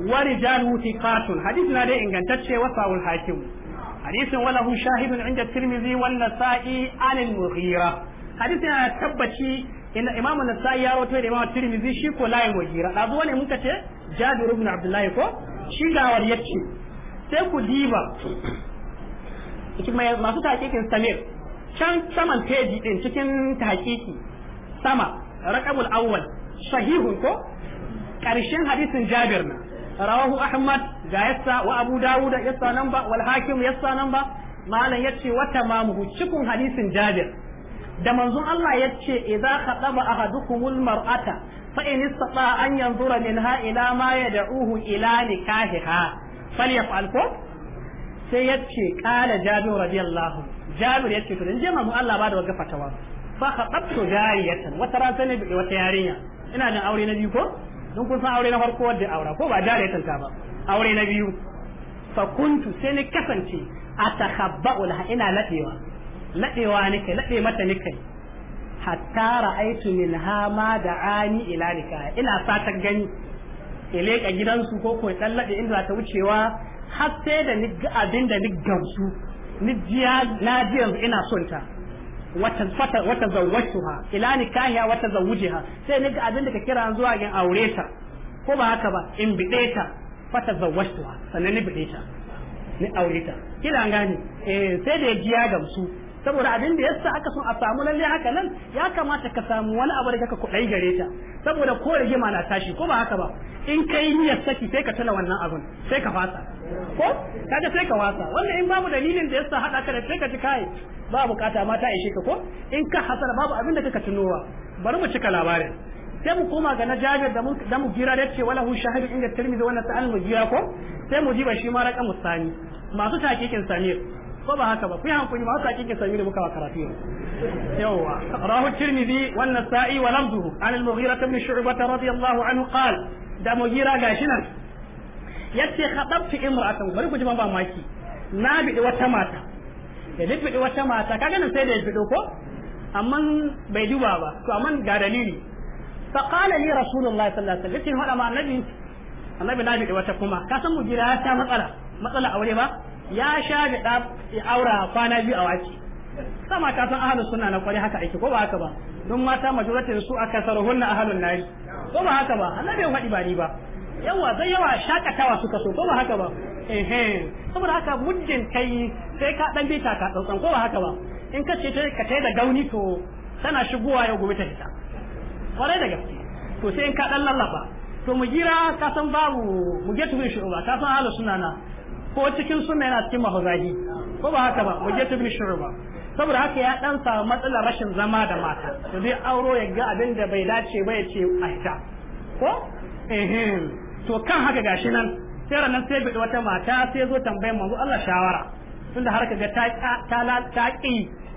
wa rijaluhu thiqatun hadith na dai ingantacce wa sa'ul hakim hadisin wala hu shahidun inda tirmidhi wan nasa'i anin al-mughira hadith na tabbaci inna imamu nasai ya rawaito da imamu tirmizi shi ko layin wajira dazu wani muka ce jabir ibn abdullahi ko shi gawar yace sai ku diba masu tahqiqin samir can saman teji din cikin tahqiqi sama raqamul awwal sahihun ko karshen hadisin jabir na rawahu ahmad ga yassa wa abu dawud yassa nan ba wal hakim yassa nan ba malam yace wa tamamu cikin hadisin jabir da manzon Allah ya ce idza khataba ahadukumul mar'ata fa in istata an yanzura minha ila ma yad'uhu ila nikahiha falyaf'al ko sai ya ce qala jabir radiyallahu jabir ya ce to dan je manzon Allah ba da wagga fatawa fa khatabtu jariyatan wata ran sai bi wata yarinya ina da aure na biyu ko don kun san aure na farko wadda aura ko ba jariyatan ta ba aure na biyu fa kuntu sai ni kasance atakhabba'u ina ladewa laɗewa nake kai laɗe mata ni kai hatta ra'aitu min hama da ani ila nika ina fata gani ile ka gidansu ko ko dan laɗe inda ta wucewa har sai da ni ga abin da ni gamsu ni jiya na jiya ina son ta wata fata wata zawwatuha ila nikahiya wata zawwujiha sai ni ga abin da ka kira zuwa gin aure ta ko ba haka ba in bide ta fata zawwatuha sannan ni bide ta ni aure ta kila gani eh sai da jiya gamsu saboda abin da yasa aka son a samu lalle haka nan ya kamata ka samu wani abu da kaka kudai gare ta saboda ko rigima na tashi ko ba haka ba in kai niyyar saki sai ka tana wannan abun sai ka fasa ko kaga sai ka wasa wannan in babu dalilin da yasa hada ka da sai ka ji kai ba bukata ma ishe ka ko in ka hasara babu abin da kaka tunowa bari mu cika labarin sai mu koma ga na jabir da mun da mu jira da ce walahu shahidu inda tirmidhi wannan ta'al mu jira ko sai mu jiba shi ma raqamu sani masu takikin samir ko ba haka ba ku yi hankali ba su kike sami da muka wa karatu yau yawa rahu tirmidhi wan nasa'i wa lamduhu an al-mughira ibn shu'bah radiyallahu anhu qala da mughira gashi nan yace khadabtu imra'atan bari ku ji ban mamaki na bidi wata mata da bidi wata mata kaga nan sai da ya ko amma bai duba ba to amma ga dalili fa qala li rasulullahi sallallahu alaihi wasallam yace hada ma annabi annabi na bidi wata kuma ka san mughira ta matsala matsala aure ba ya sha da da aura kwana biyu a wace sama ta san ahlus suna na kwari haka aiki ko ba haka ba don mata majalatin su aka na ahlun nari ko ba haka ba Allah bai faɗi ba ni ba yawa zai yawa shakatawa suka so ko ba haka ba ehe saboda haka muddin kai sai ka dan bita ka tsantsan ko ba haka ba in ka ce ka kai da gauni to tana shigowa ya gobe ta fita kwarai da gaske to sai in ka dan lallaba to mu gira ka san babu mu getu bin shu'uba ka san suna sunana ko cikin sunna yana cikin mahuzahi ko ba haka ba waje ta bin ba. saboda haka ya dan samu matsalar rashin zama da mata to zai auro ya ga abin da bai dace ba ya ce aita ko eh to kan haka gashi nan sai ranar sai bi wata mata sai zo tambayar manzo Allah shawara tunda har kaga ta ta ta ki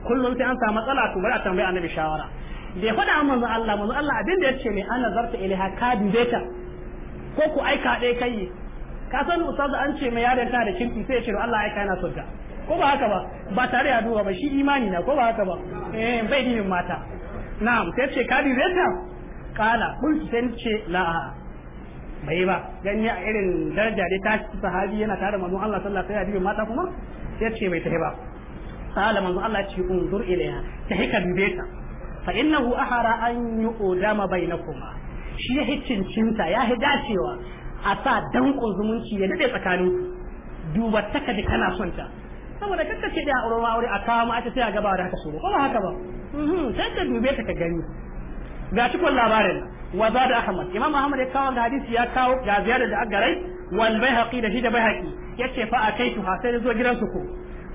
kullum sai an samu matsala to bari a tambayi annabi shawara bai faɗa manzo Allah manzo Allah abin da ya ce ne an nazarta ilaha ka dubeta ko ku aika ɗaya kai ka san ustaz an ce mai yaron ta da kirki sai ya ce Allah ya kana son ta ko ba haka ba ba tare ya duba ba shi imani na ko ba haka ba eh bai ni mata na'am sai ce ka dire ta kala kun sai ce la bai ba ganye a irin daraja dai ta sahabi yana tare manzon Allah sallallahu alaihi wasallam mata kuma sai ce bai tafi ba sala manzon Allah ce unzur ilaiha ta hika dube ta fa innahu ahara an yuqdama bainakuma shi ya hiccincinta ya hi dacewa a sa dankon zumunci ya dade tsakanin duba taka da kana son ta saboda kakka ce da aure ma aure a kawo ma sai a gaba da haka so ko ba haka ba mhm, sai ka dube ta ka gani ga cikon labarin wa da ahmad imam ahmad ya kawo hadisi ya kawo ga ziyarar da agarai wal bayhaqi da shi da baihaqi yace fa su ha sai zo gidansu ko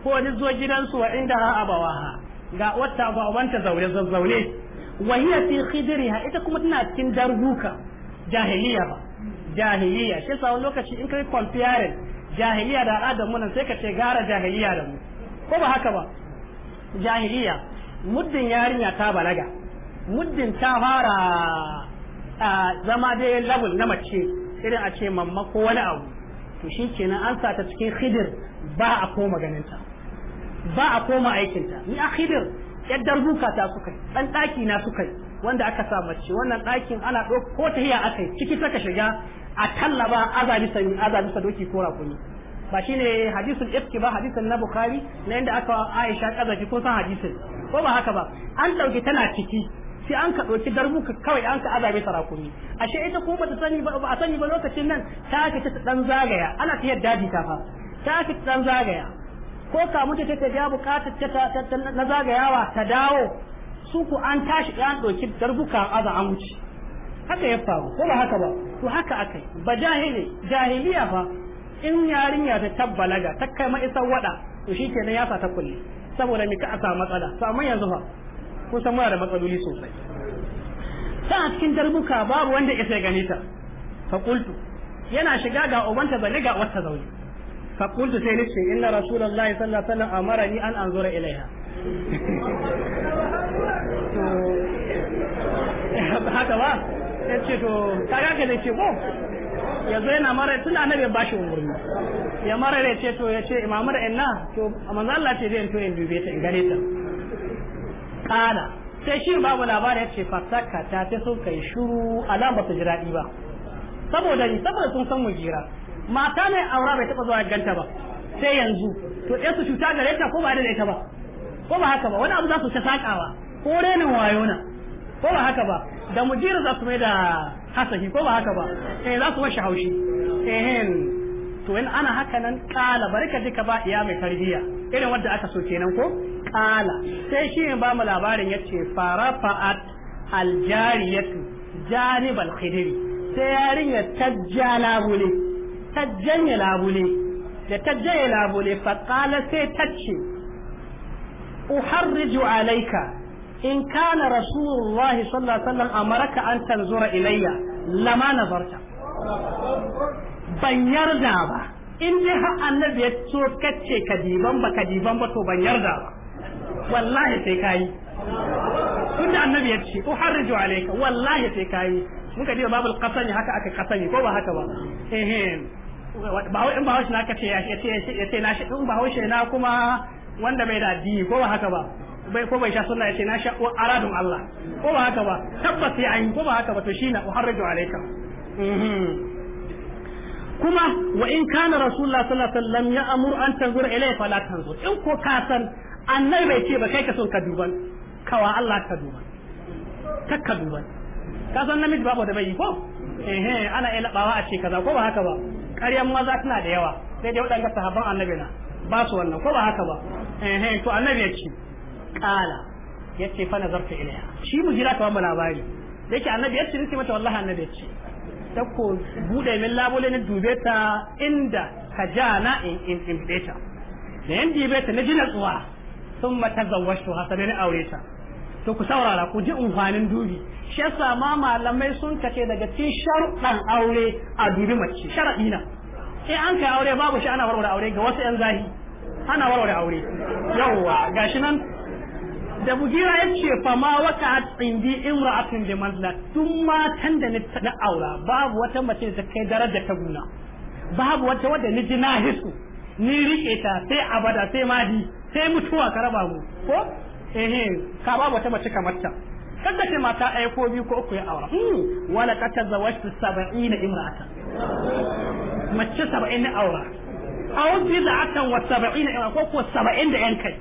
ko ni zo gidansu wa inda ha abawaha ga wata ba ubanta zaure zazzaune wa hiya fi khidriha ita kuma tana cikin darbuka jahiliya ba jahiliya shi sa wani lokaci in kai comparing jahiliya da al'adar mu nan sai ka ce gara jahiliya da mu ko ba haka ba jahiliya muddin yarinya ta balaga muddin ta fara a zama dai level na mace irin a ce mamma ko wani abu to shi kenan an sa ta cikin khidir ba a koma ganinta ba a koma aikinta ni a khidir yaddar buka ta suka yi dan daki na suka yi wanda aka sa mace wannan dakin ana ɗauko ko ta hiya aka yi ciki saka shiga a tallaba azabisa azabisa doki ko kuni ba shine hadisul ifki ba hadisin na bukhari na inda aka aisha kazafi ko san hadisin ko ba haka ba an dauki tana ciki sai an ka ɗauki garbuka kawai an ka azabe sarakuni ashe ita ko ba ta sani ba sani ba lokacin nan ta ake ta dan zagaya ana ta yadda daji ta fa ta ake ta dan zagaya ko ka mutu ta biya bukatar ta na zagayawa ta dawo su ku an tashi an ɗauki ka aza an wuce haka ya faru ko ba haka ba to haka akai ba jahili jahiliya ba in yarinya ta tabbalaga ta kai ma isa wada to shikenan ya fata kulle saboda me ka a samu matsala to amma yanzu fa kun san muna da matsaloli sosai ta a cikin darbuka babu wanda ya sai ganita fa qultu yana shiga ga ubanta bane ga wata zauni fa qultu sai nace inna rasulullahi sallallahu alaihi wasallam amarani an anzura ilaiha haka ba ya ce to kaga ka da ce ko oh. yanzu yana mara tun da annabi ya bashi umurni ya mara ya ce to ya ce imamar inna to manzo Allah ce zai to in dube ta in gane ta kana sai shi babu labari ya ce fasaka ta ta so kai shuru alam ba su ji daɗi ba saboda ni saboda sun san mujira mata ne aura bai taba zuwa ganta ba sai yanzu to ya su cuta gare ta ko ba da ita ba ko ba haka ba wani abu za su ta sakawa ko renin wayo na ko ba haka ba da mudira za su mai da hasaki ko ba haka ba eh za su washe haushi eh to in ana haka nan kala barka duka ba iya mai tarbiya irin wanda aka so kenan ko kala sai shi ba mu labarin yace farafa'at aljariyatu janibal khidri sai yarinya tajja labule tajjanya labule da tajjanya labule fa qala sai tacce uharriju alaika in kana rasulullahi sallallahu alaihi wasallam amaraka an tanzura ilayya lama nazarta ban yarda ba in dai har annabi ya so kace ka diban ba ka diban ba to ban yarda ba wallahi sai kayi tunda annabi ya ce uharriju alayka wallahi sai kayi muka diba babul qasami haka aka qasami ko ba haka ba eh ba wai in ba na kace ya ce ya ce na shi in ba haushi na kuma wanda bai da addini ko ba haka ba bai ko bai sha sunna yace na sha aradun Allah ko ba haka ba tabbas sai an ko ba haka ba to shine uharridu alayka mhm. kuma wa in kana rasulullah sallallahu alaihi wasallam ya amur an tanzura ilayhi fala tanzur in ko ka san annabi bai ce ba kai ka son ka duban kawa Allah ka duban kakka duban ka san namiji babu da bai yi ko eh ana ilabawa a ce kaza ko ba haka ba ƙaryan maza tana da yawa sai dai waɗanda sahabban annabi na ba su wannan ko ba haka ba eh to annabi ya ce ya yace fa nazarta ilaiha shi mujira ta ba labari yake annabi yace nake mata wallahi annabi yace ta ko bude min labule ne dube ta inda na in in in beta da yan dube ta na jina tsuwa sun mata zawwashu hasabe ni aure ta to ku saurara ku ji umfanin dubi shi sa ma malamai sun kace daga cikin sharuɗan aure a dubi mace sharaɗi na sai an kai aure babu shi ana warware aure ga wasu yan zahi ana warware aure yawwa gashi nan da bugira ya ce fa ma waka a indi imra'atin da manzila tun matan da na aura babu wata mace da kai daraja ta guna babu wata wadda ni ji na hisu ni rike ta sai abada sai madi sai mutuwa ka raba mu ko eh ka babu wata mace kamar ta kada ce mata ɗaya ko biyu ko uku ya aura hmm, wala ka tazawwajtu sab'ina imra'atan mace 70 na aura da bid'atan wa sab'ina ko ko 70 da yan kai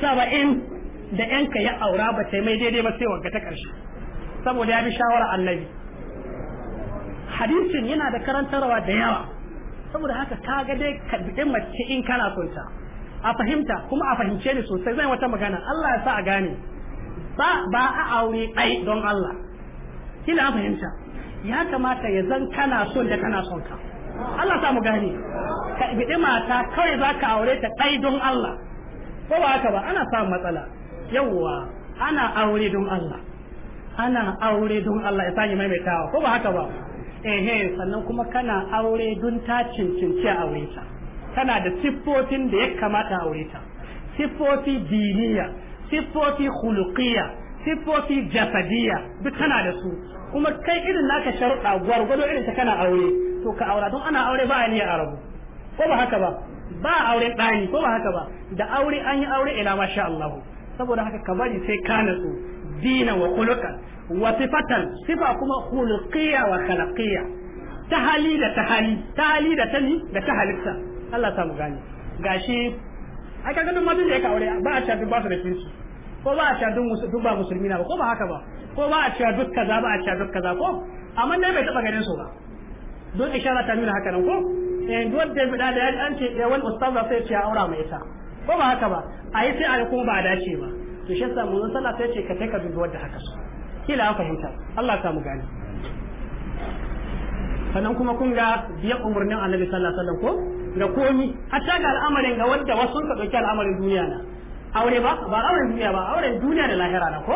70 da yanka ya aura ba ta mai daidai ba sai wanka ta ƙarshe saboda ya bi shawara annabi hadisin yana da karantarwa da yawa saboda haka ka ga dai ka bi mace in kana kunta a fahimta kuma a fahimce ni sosai zan wata magana Allah ya sa a gane ba a aure ɗai don Allah kila fahimta ya kamata ya zan kana son da kana son ka Allah samu gane ka mata kawai za ka aure ta ɗai don Allah ko ba haka ba ana samun matsala yawwa ana aure don Allah ana aure don Allah ya sani maimaitawa ko ba haka ba ehe sannan kuma kana aure don ta cincinci aure ta tana da siffofin da ya kamata aure ta siffofi diniya siffofi khuluqiyya siffofi jasadiyya duk tana da su kuma kai irin naka sharuɗa gwargwado irin ta kana aure to ka aura don ana aure ba ni a rabu ko ba haka ba ba auren ɗani ko ba haka ba da aure an yi aure ina masha Allah saboda haka ka bari sai ka natsu dina wa kuluka wa sifatan sifa kuma khuluqiyya wa khalaqiyya ta hali da ta hali ta hali da tani da ta halitta Allah ta mu gane gashi ai kaga duk mazin da ya aure ba a shafi ba su da kinsu ko ba a cewa duk ba musulmi na ba ko ba haka ba ko ba a cewa duk kaza ba a cewa duk kaza ko amma dai bai taba ganin su ba don ishara ta nuna haka nan ko eh duk da da an ce eh, wani ustaz sai ya aura mai ita ko ba haka ba a yi sai a kuma ba a dace ba to shi yasa mun sallah sai ce ka kai ka dubi wanda haka so kila an fahimta Allah ta mu gane sannan kuma kun ga biyan umarnin annabi sallallahu alaihi wasallam ko ga komi hatta ga al'amarin ga wanda wasu ka dauki al'amarin duniya na aure ba ba auren duniya ba auren duniya da lahira na ko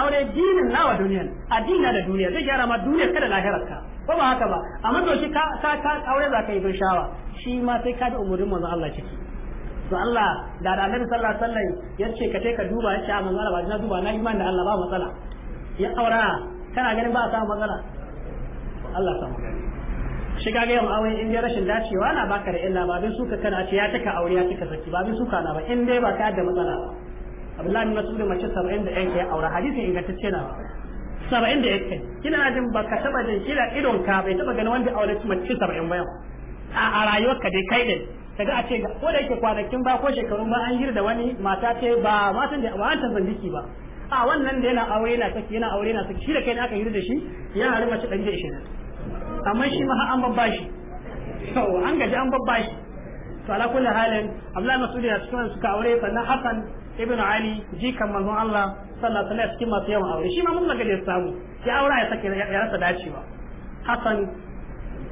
aure dinin nawa duniya addini da duniya zai gyara ma duniya kada lahirar ka ko ba haka ba amma to shi ka ka aure za ka yi shawa shi ma sai ka da umurnin manzo Allah ciki to Allah da da Annabi sallallahu alaihi wasallam yace ka ce ka duba yace amma ah, Allah ba na duba na imani da Allah ba matsala ya aura kana ganin ba a samu matsala Allah samu shiga ga yawan awai in dai rashin dacewa na baka da illa ba bin suka kana ce ya taka aure ya taka zaki ba bin suka na ba in dai ba ka da matsala ba Abdullahi bin Mas'ud mace 70 da yake aure hadisi ingantacce na ba saba'in da ya kai kina jin ba ka taba jin kila idon ka bai taba ganin wanda aure mace 70 ba yau a rayuwarka dai kai ne kaga a ce ko da yake kwanakin ba ko shekarun ba an hirda wani mata ce ba matan da ba an zanjiki ba a wannan da yana aure yana saki yana aure yana saki shi da kai ne aka hirda shi ya rima shi dan shi amma shi ma an babba shi to an gaji an babba shi to ala kullu halin Abdullahi Mas'ud ya cikin suka aure sannan Hassan ibn Ali jikan manzon Allah sallallahu alaihi wasallam cikin masu yawan aure shi ma mun ga da samu ya aure ya saki ya rasa dacewa Hassan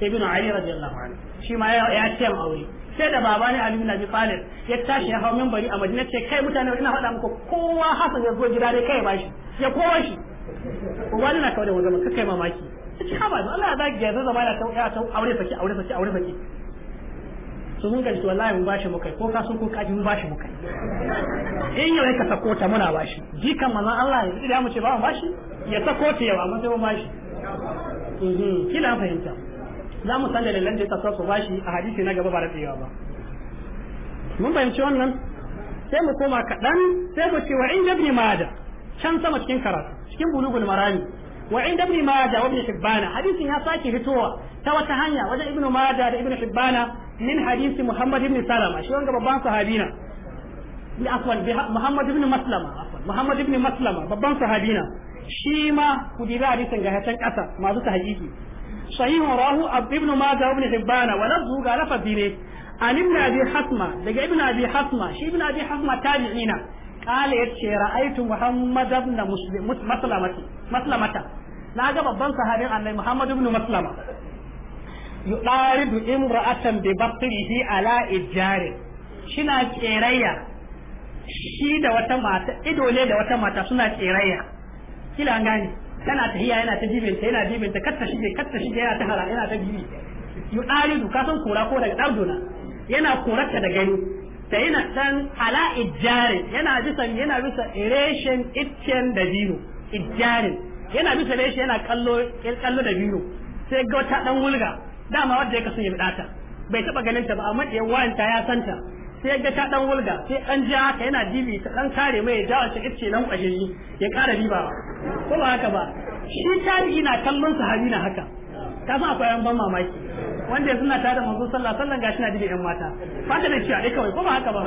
ibn ali radiyallahu anhu shi ma ya ce mu aure sai da baba ne ali bin abi talib ya tashi ya hawo minbari a madina ce kai mutane ina faɗa muku kowa hasan ya zo gida dai kai bashi ya kowa shi wani na kawai da wani kai mamaki ce ha ba Allah za ki yanzu zama da ta ya ta aure saki aure saki aure saki su mun gaji wallahi mun bashi mukai ko ka sun ko kaji mun bashi mukai in yau ka sako ta muna bashi jikan manzon Allah ya da mu ce ba mu bashi ya sako ta ba amma sai mun bashi mhm, kila fahimta za mu san dalilan da yasa su bashi a hadisi na gaba ba da tsayawa ba mun fahimci wannan sai mu koma kaɗan sai mu ce wa inda ibn maja can sama cikin karatu cikin bulugul marami wa inda ibn maja wa ibn hibbana hadisin ya sake fitowa ta wata hanya wajen ibn maja da ibn hibbana min hadisi muhammad ibn salama shi wanga babban sahabina bi afwan bi muhammad ibn maslama afwan muhammad ibn maslama babban sahabina shi ma ku dibi hadisin ga hatan kasa masu tahqiqi sahihun rahu ibn majah ibn hibbana wa lafzu ga lafazi ne an ibn abi hasma daga ibn abi hasma shi ibn abi hasma tabi'ina qala yace ra'aytu muhammad babban sahabin annabi muhammad ibn maslama yudaribu ido ne da wata tana hiya yana ta jibinta yana jibinta katta shige katta shige yana ta hara yana ta yu yu'aridu ka san kora ko daga darduna yana korarta da gani ta yana san ala ijari yana bisa yana bisa iration itchen da biro ijari yana bisa reshe yana kallo kallo da biro sai ga wata dan wulga dama wanda ya kasu ya bidata bai taba ganin ta ba amma ya wanta ya santa sai ga ta dan wulga sai an ji haka yana dibi ta dan kare mai ja wacce kace nan kwajeyi ya kara riba ko ba haka ba shi tarihi na kallon sahabi na haka ka san akwai ban mamaki wanda suna na tare da manzo sallallahu alaihi wasallam gashi na dibi yan mata fata da cewa dai kawai ko ba haka ba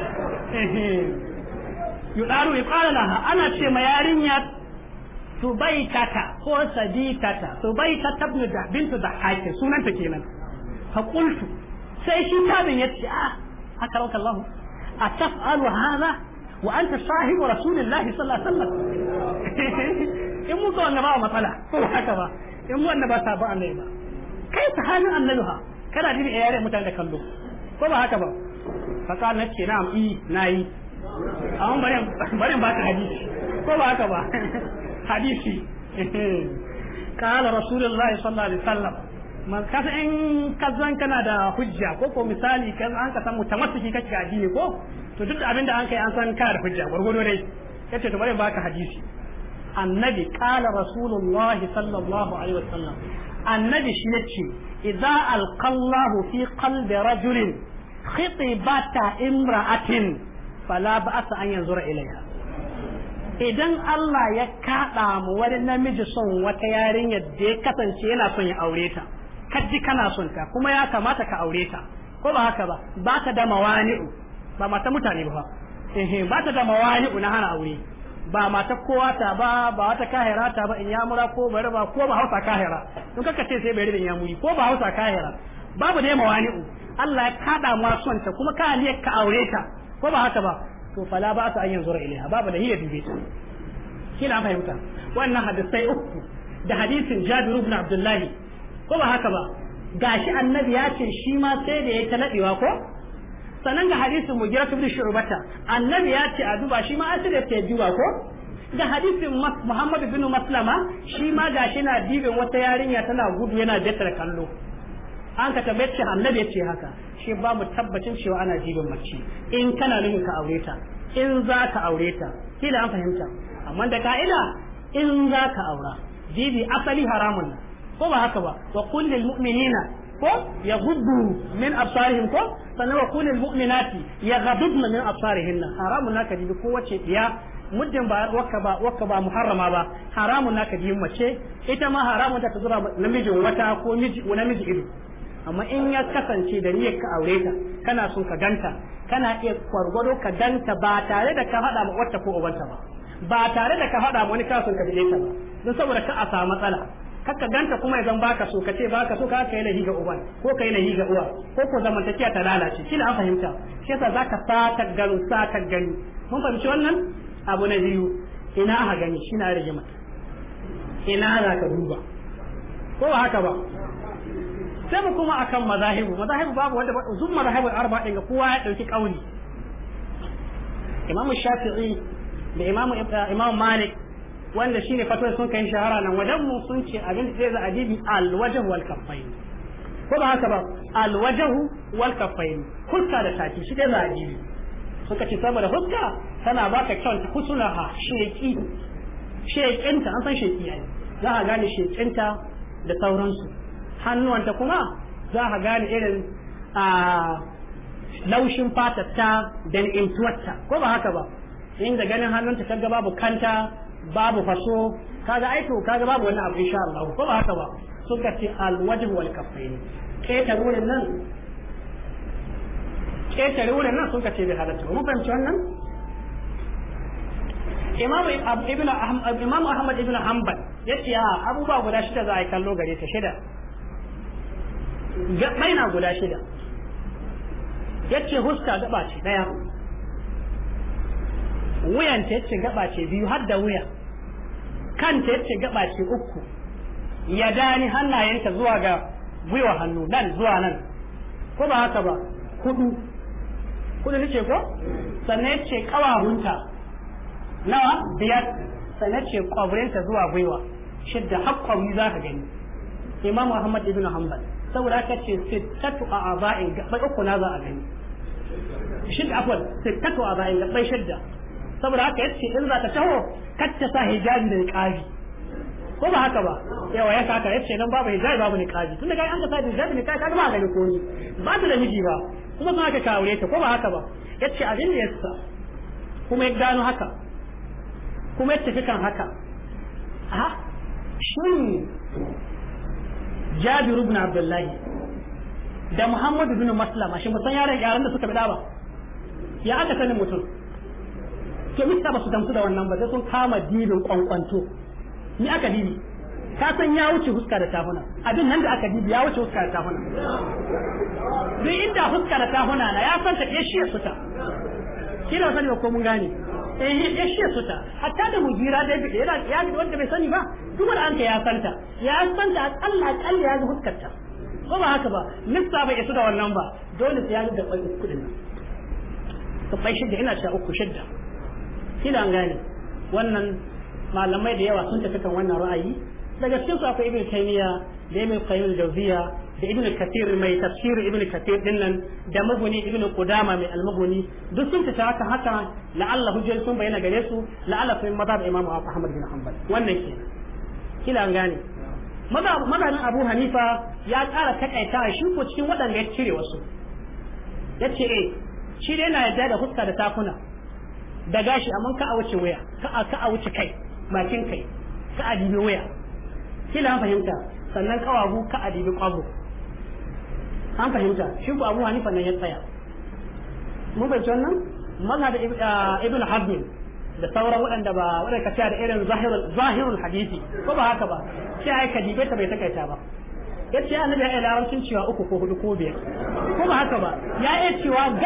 yudaru kara laha ana ce ma yarinya subaitata ko sadikata subaitata ibn da bintu da hake sunanta kenan fa qultu sai shi tabin yace ah أكرمك الله أتفعل هذا وأنت صاحب رسول الله صلى الله عليه وسلم in muka wanda ba matsala ko haka ba in wanda ba ta ba annabi ba kai ta annabiha kana jin yare mutane da kallo ko ba haka ba faka na ce na'am i nayi amma ba ko ba haka ba hadisi قال رسول الله صلى الله عليه وسلم kasa in ka zan kana da hujja ko ko misali ka an ka san mutamassiki kake addini ko to duk abin da an kai an san ka da hujja gurgudo dai kace to bari baka hadisi annabi qala rasulullah sallallahu alaihi wasallam annabi shi yace idza alqallahu fi qalbi rajulin khitibata imra'atin fala ba'sa an yanzura ilayha idan Allah ya kaɗa mu wani namiji son wata yarinyar da ya kasance yana son ya aure ta kaji kana son ta kuma ya kamata ka aure ta ko ba haka ba ba ta da mawani'u ba mata mutane ba eh ba ta da mawani'u na hana aure ba mata kowa ta ba ba wata kahira ta ba in mura ko bari ba ko ba hausa kahira don kaka ce sai bare da muri ko ba hausa kahira babu ne mawani'u Allah ya kada ma son ta kuma ka ne ka aure ta ko ba haka ba to fala ba ta anyan zura ilaiha babu da hiya dube ta kina fahimta wannan hadisai uku da hadisin Jabir ibn Abdullahi ko ba haka ba gashi annabi ya ce shi ma sai da ya talabewa ko sanan ga hadisin mujira ibn shurbata annabi ya ce a duba shi ma an sai da duba ko ga hadisin Muhammadu bin maslama shi ma gashi na dibin wata yarinya tana gudu yana betar kallo an ka ce annabi ya ce haka shi ba mu tabbacin cewa ana dibin mace in kana nufin ka aure ta in za ka aure ta kila an fahimta amma da ka'ida in za ka aura dibi asali haramun nan ko ba haka ba wa qul lil mu'minina ko yaghuddu min absarihim ko sannan wa qul lil mu'minati yaghuddna min absarihinna haramun naka ji ko wace biya muddin ba wakka ba wakka ba muharrama ba haramun naka ji mace ita ma haramun ta zura namijin wata ko miji namiji ido amma in ya kasance da niyyar ka aure ta kana son ka ganta kana iya kwargwado ka ganta ba tare da ka hada ma wata ko ubanta ba ba tare da ka hada ma wani kasun ka bide ta ba don saboda ka a samu matsala haka ganta kuma idan baka so ka ce baka so ka yi lahi ga uban ko yi lahi ga uwa ko ko zamantakiya ta lalace kila an fahimta shi yasa zaka sata gano sata gani mun fahimci wannan abu na biyu ina ha gani shi na mata ina za ka duba ko ba haka ba sai mu kuma akan mazahibu mazahibu babu wanda zuwa mazahibu arba din ga kowa ya dauki kauli imam shafi'i da imamu imam malik wanda shine fatwa sun kai shahara nan wajen mu sun ce abin da zai za adibi al wajhu wal kaffain ko ba haka ba al wajhu wal kaffain huska da sati shi dai za adibi suka ce saboda huska tana baka kyauta husunaha sheki shekinta an san sheki ai za a gane shekinta da sauransu hannuwanta kuma za a gane irin a laushin fatar ta da intuwarta ko ba haka ba inda ganin hannunta ta babu kanta. babu faso kaga aito kaga babu wani abu insha Allah ko ba haka ba sun ka ce al wajhu wal kaffaini keta wurin nan keta wurin nan sun ka ce bi halatu mun fahimci wannan Imam Ibn Imam Ahmad Ibn Hanbal yace a ah, abubuwa guda shida za a yi kallo gare ta shida ga na guda shida yace huska gaba ce daya wuyan ta yace gaba ce biyu har da wuya kan ta yace gaba ce uku ya dani hannayenta zuwa ga gwiwa hannu nan zuwa nan ko ba haka ba hudu hudu nace ko sannan yace kawahunta nawa biyar sannan yace kwaburinta zuwa gwiwa shidda hakkon za ka gani imam muhammad ibn hanbal saboda haka ce sittatu a aba'in gaɓar uku na za a gani shidda afwan sittatu a aba'in gaɓar shidda saboda haka yace in za ta taho kacce sa hijabi da niqabi ko ba haka ba yawa ya saka yace dan babu hijabi babu niqabi tunda kai an ka sa hijabi niqabi kaga ba gani ko ni ba ta da miji ba kuma ba ka kawure ta ko ba haka ba yace abin da yasa kuma ya gano haka kuma ya tafi kan haka a shin Jabir ibn Abdullahi da Muhammadu bin Maslama shi musan yaran yaran da suka bi ba ya aka sanin mutum to mista ba su gamsu da wannan ba sai sun kama dibin kwankwanto ni aka dibi ka san ya wuce huska da tafuna abin nan da aka dibi ya wuce huska da tafuna duk inda huska da tafuna na ya san ta ya shi suta kina sani ko mun gane eh ya shi suta hatta da mujira da bi yana ya bi wanda bai sani ba duk wanda an ya san ta ya san ta Allah akalla ya ga huskar ta ko ba haka ba lissa ba isa da wannan ba dole sai ya ga da kudin nan to bai shidda ina ta uku shidda kila an gane wannan malamai da yawa sun tafi kan wannan ra'ayi daga cikin su akwai ibn taymiya da ibn qayyim jawziya da ibn kathir mai tafsir ibn kathir dinnan da maguni ibn qudama mai almaguni duk sun tafi haka haka la'alla hujjar sun bayyana gare su la'alla sun maza mazhab imamu ahmad bin hanbal wannan ke. kila an gane mazhabin abu hanifa ya kara takaita shi ko cikin waɗanda ya cire wasu ya ce eh shi dai yana yadda da huska da takuna da gashi amma ka a wuce waya ka a ka a wuce kai bakin kai ka a dibi waya kila an fahimta sannan kawagu ka a dibi kwabo an fahimta shi ku abu hanifa ne ya tsaya mun bai wannan maza da ah, ibn hazm da sauran waɗanda ba wanda ka da irin zahirul hadisi ko ba haka ba sai ai ka dibe ta bai takaita ba yace annabi ya larabcin cewa uku ko hudu ko biyar ko ba haka ba ya yi cewa